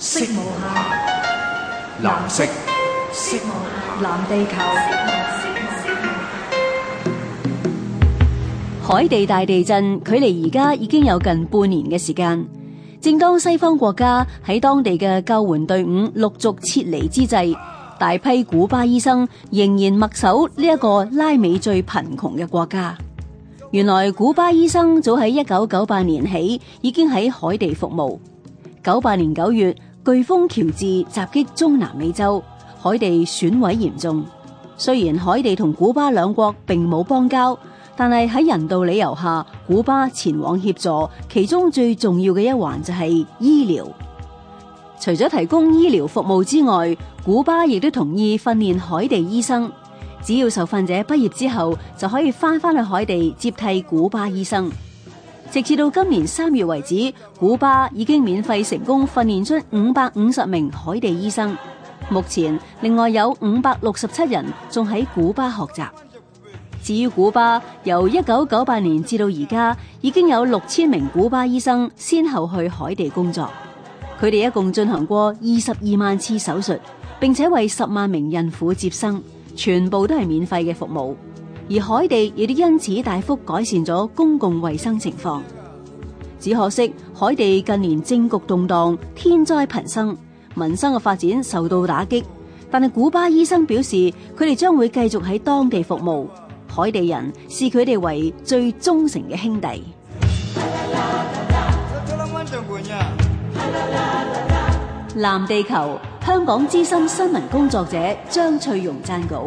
色無下藍色。色無限，藍地球，色母藍地球色母色母。海地大地震，距離而家已經有近半年嘅時間。正當西方國家喺當地嘅救援隊伍陸續撤離之際，大批古巴醫生仍然默守呢一個拉美最貧窮嘅國家。原來古巴醫生早喺一九九八年起已經喺海地服務。九八年九月。颶風喬治襲擊中南美洲，海地損毀嚴重。雖然海地同古巴兩國並冇邦交，但係喺人道理由下，古巴前往協助。其中最重要嘅一環就係醫療。除咗提供醫療服務之外，古巴亦都同意訓練海地醫生。只要受訓者畢業之後，就可以返返去海地接替古巴醫生。直至到今年三月為止，古巴已經免費成功訓練出五百五十名海地醫生。目前，另外有五百六十七人仲喺古巴學習。至於古巴，由一九九八年至到而家，已經有六千名古巴醫生先後去海地工作。佢哋一共進行過二十二萬次手術，並且為十萬名孕婦接生，全部都係免費嘅服務。而海地亦都因此大幅改善咗公共衛生情況，只可惜海地近年政局動盪，天災頻生，民生嘅發展受到打擊。但係古巴醫生表示，佢哋將會繼續喺當地服務。海地人視佢哋為最忠誠嘅兄弟。藍地球。香港資深新聞工作者張翠蓉撰稿。